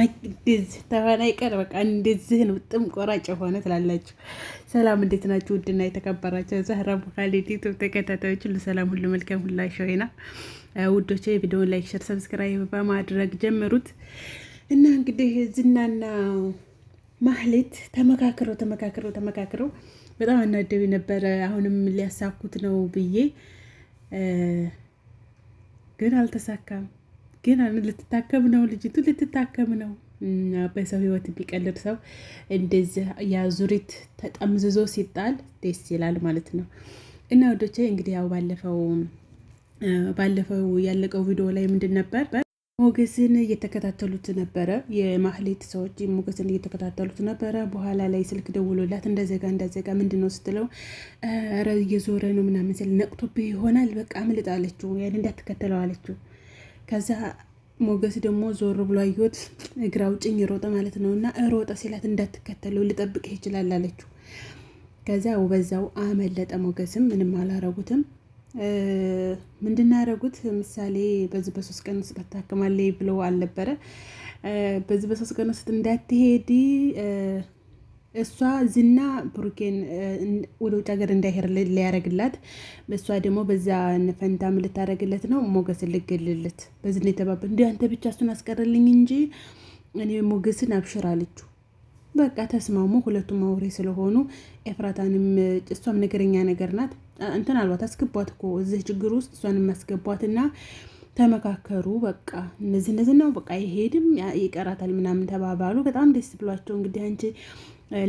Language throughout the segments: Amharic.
እንደዚህ ተሆነ ይቀር በቃ እንደዚህን ውጥም ቆራጭ የሆነ ትላላችሁ። ሰላም እንዴት ናችሁ? ውድና የተከበራችሁ ዛህራ ቡኻሌድ ዩቱብ ተከታታዮች ሁሉ ሰላም ሁሉ መልካም ሁላ ሸሆና ውዶች፣ ቪዲዮን ላይክ፣ ሸር፣ ሰብስክራይብ በማድረግ ጀምሩት እና እንግዲህ ዝናና ማህሌት ተመካክረው ተመካክረው ተመካክረው በጣም አናደው ነበረ። አሁንም ሊያሳኩት ነው ብዬ ግን አልተሳካም። ግን ልትታከም ነው ልጅቱ ልትታከም ነው። በሰው ህይወት የሚቀልድ ሰው እንደዚህ የአዙሪት ተጠምዝዞ ሲጣል ደስ ይላል ማለት ነው። እና ወዶቼ እንግዲህ ያው ባለፈው ባለፈው ያለቀው ቪዲዮ ላይ ምንድን ነበር ሞገስን እየተከታተሉት ነበረ። የማህሌት ሰዎች ሞገስን እየተከታተሉት ነበረ። በኋላ ላይ ስልክ ደውሎላት እንደዘጋ እንዳዘጋ ምንድን ነው ስትለው ረ እየዞረ ነው ምናምን ስል ነቅቶብህ ይሆናል በቃ አምልጥ አለችው። ያን እንዳትከተለው አለችው። ከዛ ሞገስ ደግሞ ዞር ብሎ አየሁት። እግር አውጭኝ ሮጠ ማለት ነው። እና ሮጠ ሲላት እንዳትከተለው ልጠብቅህ ይችላል አለችው። ከዛ በዛው አመለጠ። ሞገስም ምንም አላረጉትም። ምንድን ያደረጉት ምሳሌ በዚህ በሶስት ቀን ውስጥ ትታከማለች ብለው አልነበረ። በዚህ በሶስት ቀን ውስጥ እንዳትሄድ እሷ ዝና ብሩኬን ወደ ውጭ ሀገር እንዳይሄር ሊያደረግላት እሷ ደግሞ በዛ ፈንታም ልታደርግለት ነው። ሞገስ ልገልለት በዝና የተባበ እንዲ አንተ ብቻ እሱን አስቀርልኝ እንጂ እኔ ሞገስን አብሽር አለችው። በቃ ተስማሙ። ሁለቱም አውሬ ስለሆኑ ኤፍራታንም እሷም ነገረኛ ነገር ናት። እንትን አልባት አስገቧት እኮ እዚህ ችግር ውስጥ እሷንም አስገቧትና ተመካከሩ። በቃ እነዚህ እነዚህ ነው በቃ ይሄድም ይቀራታል ምናምን ተባባሉ። በጣም ደስ ብሏቸው እንግዲህ አንቺ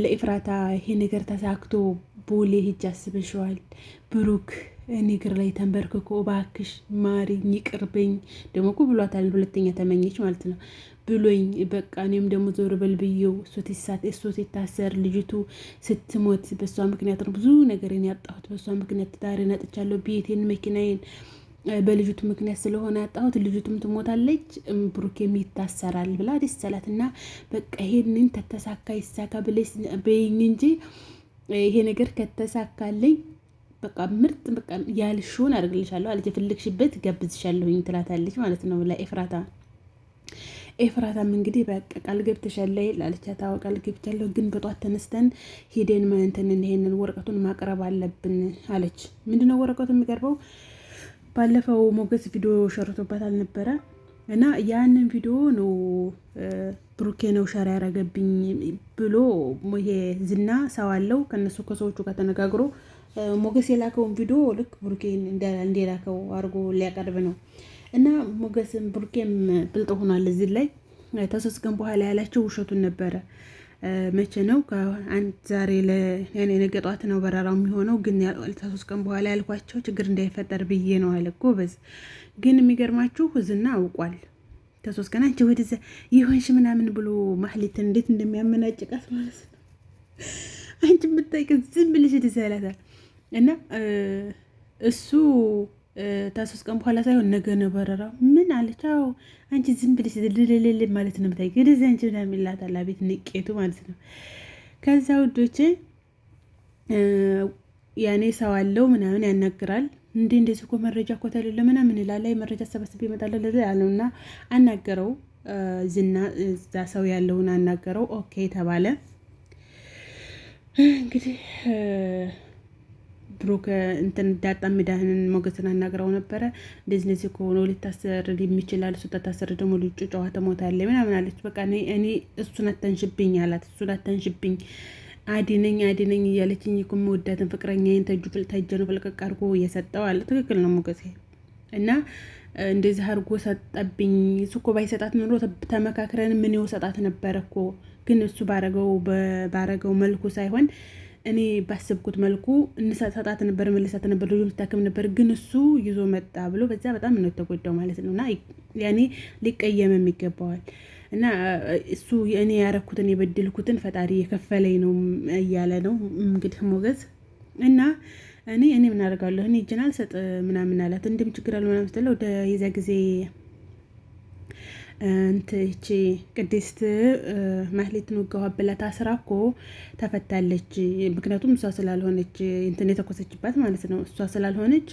ለኤፍራታ ይሄ ነገር ተሳክቶ ቦሌ ሂጅ አስበሸዋል ብሩክ እግር ላይ ተንበርክኮ እባክሽ ማሪኝ ይቅርብኝ፣ ደግሞ እኮ ብሏታል። ሁለተኛ ተመኘች ማለት ነው ብሎኝ በቃ እኔም ደግሞ ዞር በል ብዬው እሱ ሲታሰር ልጅቱ ስትሞት በእሷ ምክንያት ነው ብዙ ነገርን ያጣሁት፣ በእሷ ምክንያት ትዳሬን አጥቻለሁ፣ ቤቴን፣ መኪናዬን በልጅቱ ምክንያት ስለሆነ ያጣሁት ልጅቱም ትሞታለች፣ ብሩኬም ይታሰራል ብላ ደስ አላት እና በቃ ይሄንን ተተሳካ ይሳካ ብለሽ በይኝ እንጂ ይሄ ነገር ከተሳካልኝ በቃ ምርጥ በቃ ያልሽውን አድርግልሻለሁ አለች። የፈለግሽበት ገብዝሻለሁኝ ትላታለች ማለት ነው ብላ ኤፍራታ ኤፍራታም እንግዲህ በቃ ቃል ገብተሻል አለቻት። አዎ ቃል ገብቻለሁ፣ ግን በጧት ተነስተን ሂደን እንትን ይሄንን ወረቀቱን ማቅረብ አለብን አለች። ምንድነው ወረቀቱ የሚቀርበው? ባለፈው ሞገስ ቪዲዮ ሸርቶበት አልነበረ እና ያንን ቪዲዮ ነው ብሩኬ ነው ሸር ያረገብኝ ብሎ ይሄ ዝና ሰው አለው ከነሱ ከሰዎቹ ጋር ተነጋግሮ ሞገስ የላከውን ቪዲዮ ልክ ብሩኬን እንደላከው አድርጎ ሊያቀርብ ነው እና ሞገስም ብሩኬም ብልጥ ሆኗል። እዚህ ላይ ተሰስቀን በኋላ ያላቸው ውሸቱን ነበረ። መቼ ነው? ከአንድ ዛሬ ለኔ ነገ ጧት ነው በረራው የሚሆነው። ግን ሶስት ቀን በኋላ ያልኳቸው ችግር እንዳይፈጠር ብዬ ነው አለ ጎበዝ። ግን የሚገርማችሁ ዝና አውቋል። ከሶስት ቀን አንቺ ወደዚያ ይሆንሽ ምናምን ብሎ ማህሌትን እንዴት እንደሚያመናጭቃት ማለት ነው። አንቺ የምታይቅ ዝም ብልሽ ደስ ይላታል እና እሱ ታሶስት ቀን በኋላ ሳይሆን ነገ ነው በረራው። ምን አለች? አዎ አንቺ ዝም ብለሽ ልልልል ማለት ነው ምታይ ግን እዚህ አንቺ ለሚላታል አቤት ንቄቱ ማለት ነው። ከዛ ውዶቼ ያኔ ሰው አለው ምናምን ያናግራል። እንዴ እንደዚህ እኮ መረጃ እኮ ተሌለ ምናምን ይላል። ላይ መረጃ ሰበስብ ይመጣል ለዚ ያለውና አናገረው። ዝና እዛ ሰው ያለውን አናገረው። ኦኬ ተባለ እንግዲህ ብሩክ እንትን ዳጣ ሚዳህንን ሞገስን አናግረው ነበረ። እንደዚህ እንደዚህ ከሆነ ሊታሰር የሚችላል እሱ ተታሰር ደግሞ ልጩ ጨዋ ተሞታለ ምናምን አለች። በቃ እኔ እሱን አተንሽብኝ አላት። እሱን አተንሽብኝ አድነኝ አድነኝ እያለችኝ እኮ የምወዳትን ፍቅረኛዬን ተጀኑ ፍልቅቅ አድርጎ እየሰጠው አለ። ትክክል ነው ሞገሴ እና እንደዚህ አድርጎ ሰጠብኝ። እሱ እኮ ባይሰጣት ኑሮ ተመካክረን ምን ይወሰጣት ነበረ እኮ ግን እሱ ባረገው ባረገው መልኩ ሳይሆን እኔ ባሰብኩት መልኩ እንሰጣት ነበር፣ መልሳት ነበር፣ ልጁ ልታክም ነበር፣ ግን እሱ ይዞ መጣ ብሎ በዛ በጣም ነው ተጎዳው ማለት ነው። እና ያኔ ሊቀየምም ይገባዋል። እና እሱ እኔ ያረኩትን የበድልኩትን ፈጣሪ የከፈለኝ ነው እያለ ነው እንግዲህ ሞገዝ እና እኔ እኔ ምን አደርጋለሁ እኔ እጅን አልሰጥ ምናምን አላት። እንድም ችግር አለ ምናምን ስትለው ወደ የዛ ጊዜ እንትቺ ቅድስት ማህሌት ንጋዋ ብላት አስራ እኮ ተፈታለች። ምክንያቱም እሷ ስላልሆነች እንትን የተኮሰችባት ማለት ነው። እሷ ስላልሆነች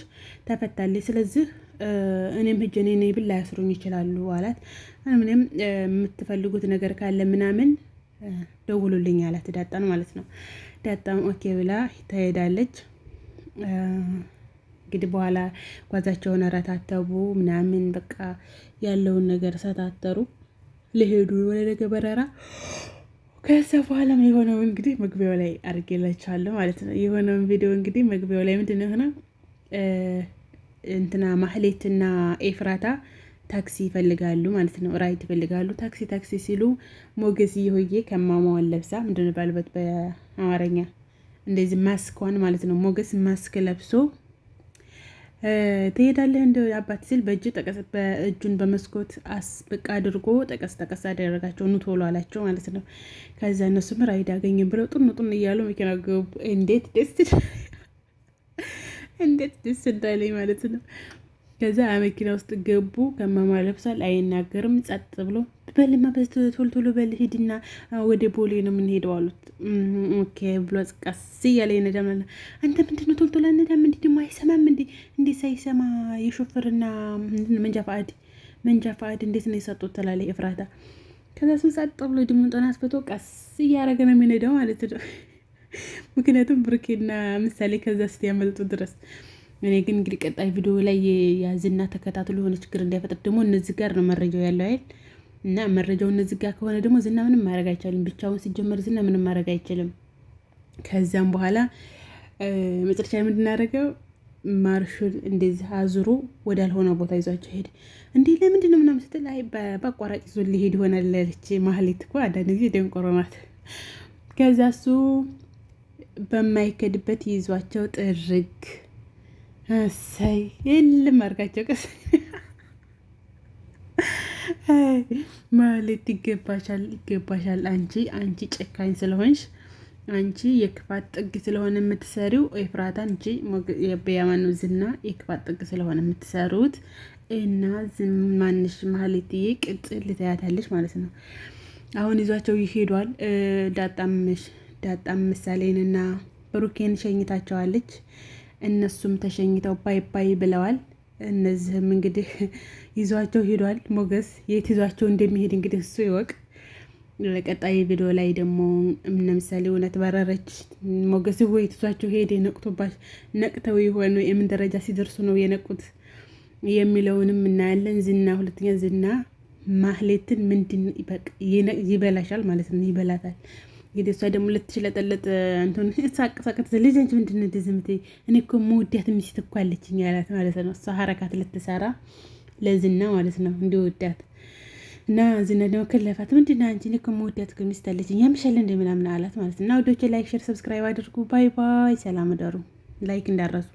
ተፈታለች። ስለዚህ እኔም ህጅ እኔ ነኝ ብል ላያስሩኝ ይችላሉ አላት። ምንም የምትፈልጉት ነገር ካለ ምናምን ደውሉልኝ አላት ዳጣን ማለት ነው። ዳጣም ኦኬ ብላ ትሄዳለች። እንግዲህ በኋላ ጓዛቸውን አረታተቡ ምናምን በቃ ያለውን ነገር ሰታተሩ ለሄዱ ወደ ነገ በረራ ከዛ በኋላም የሆነው እንግዲህ መግቢያው ላይ አድርጌላችኋለሁ ማለት ነው። የሆነውን ቪዲዮ እንግዲህ መግቢያው ላይ ምንድን የሆነ እንትና ማህሌትና ኤፍራታ ታክሲ ይፈልጋሉ ማለት ነው። ራይድ ይፈልጋሉ። ታክሲ ታክሲ ሲሉ ሞገስ እየሆዬ ከማማዋን ለብሳ ምንድን ባልበት በአማርኛ እንደዚህ ማስኳን ማለት ነው ሞገስ ማስክ ለብሶ ትሄዳለህ እንደ አባት ሲል በእጅ ጠቀስ በእጁን በመስኮት አስብቅ አድርጎ ጠቀስ ጠቀስ አደረጋቸው። ኑ ቶሎ አላቸው ማለት ነው። ከዚያ እነሱ ምር አይድ አገኘን ብለው ጡን ጡን እያሉ መኪና ገቡ። እንዴት ደስ እንዴት ደስ እንዳለኝ ማለት ነው። ከዛ መኪና ውስጥ ገቡ። ከማማ ለብሷል፣ አይናገርም። ጸጥ ብሎ በልማ ቶሎ ቶሎ በል ሂድና ወደ ቦሌ ነው የምንሄደው አሉት። ኦኬ ብሎ ቀስ እያለ ይነዳም። አንተ ምንድን ነው ቶሎ ቶሎ አነዳም እንዲ ደግሞ አይሰማም እንዲ እንዲ ሳይሰማ የሾፍርና መንጃ ፈቃድ መንጃ ፈቃድ እንዴት ነው የሰጡት ተላለ ኤፍራታ። ከዛ ስም ጸጥ ብሎ ድምጡን አስፈቶ ቀስ እያረገ ነው የሚነዳው ማለት ነው። ምክንያቱም ብርኬና ምሳሌ ከዛ ስት ያመልጡ ድረስ እኔ ግን እንግዲህ ቀጣይ ቪዲዮ ላይ የያዝና ተከታትሎ የሆነ ችግር እንዳይፈጥር ደግሞ እነዚህ ጋር ነው መረጃው ያለው አይደል እና መረጃው እነዚህ ጋር ከሆነ ደግሞ ዝና ምንም ማድረግ አይቻልም። ብቻውን ሲጀመር ዝና ምንም ማድረግ አይችልም። ከዚያም በኋላ መጨረሻ የምንድናደርገው ማርሹን እንደዚህ አዙሮ ወዳልሆነ ቦታ ይዟቸው ሄድ። እንዲህ ለምንድን ነው ምናምን ስትል አይ በአቋራጭ ይዞ ሊሄድ ይሆናል ያለች ማህሌት እኮ አንዳንድ ጊዜ ደንቆሮ ናት። ከዚያ እሱ በማይከድበት ይዟቸው ጥርግ እሰይ የልም አድርጋቸው ቀስ ማለት ይገባሻል፣ ይገባሻል። አንቺ አንቺ ጨካኝ ስለሆንሽ አንቺ የክፋት ጥግ ስለሆነ የምትሰሪው ኤፍራታ፣ አንቺ የበያማኑ ዝና የክፋት ጥግ ስለሆነ የምትሰሩት እና ዝማንሽ ማህሌትዬ ቅጥል ልትያታለች ማለት ነው። አሁን ይዟቸው ይሄዷል። ዳጣምሽ ዳጣም ምሳሌንና ብሩኬን ሸኝታቸዋለች። እነሱም ተሸኝተው ባይ ባይ ብለዋል። እነዚህም እንግዲህ ይዟቸው ሄዷል። ሞገስ የት ይዟቸው እንደሚሄድ እንግዲህ እሱ ይወቅ። ለቀጣይ ቪዲዮ ላይ ደግሞ ለምሳሌ እውነት በረረች ሞገስ ወይ ትቷቸው ሄደ ነቅቶባች ነቅተው የሆነ የምን ደረጃ ሲደርሱ ነው የነቁት የሚለውንም እናያለን። ዝና ሁለተኛ ዝና ማህሌትን ምንድን ይበላሻል ማለት ነው ይበላታል እንግዲህ እሷ ደግሞ ልትሽለጠለጥ እንትን ሳቅ ሳቅ ትል ልጅ አንቺ ምንድን ነው እንደዚህ እኔ እኮ መውዳት ሚስት እኮ አለችኝ ያላት ማለት ነው። እሷ ሀረካት ልትሰራ ለዝና ማለት ነው እንዲወዳት እና ዝና ደግሞ ከለፋት ምንድን ነው አንቺ እኔ እኮ መውዳት እኮ ሚስት አለችኝ ያምሻል እንደ ምናምን አላት ማለት ነው። እና ወዶቼ ላይክ፣ ሼር፣ ሰብስክራይብ አድርጉ። ባይ ባይ። ሰላም እደሩ። ላይክ እንዳረሱ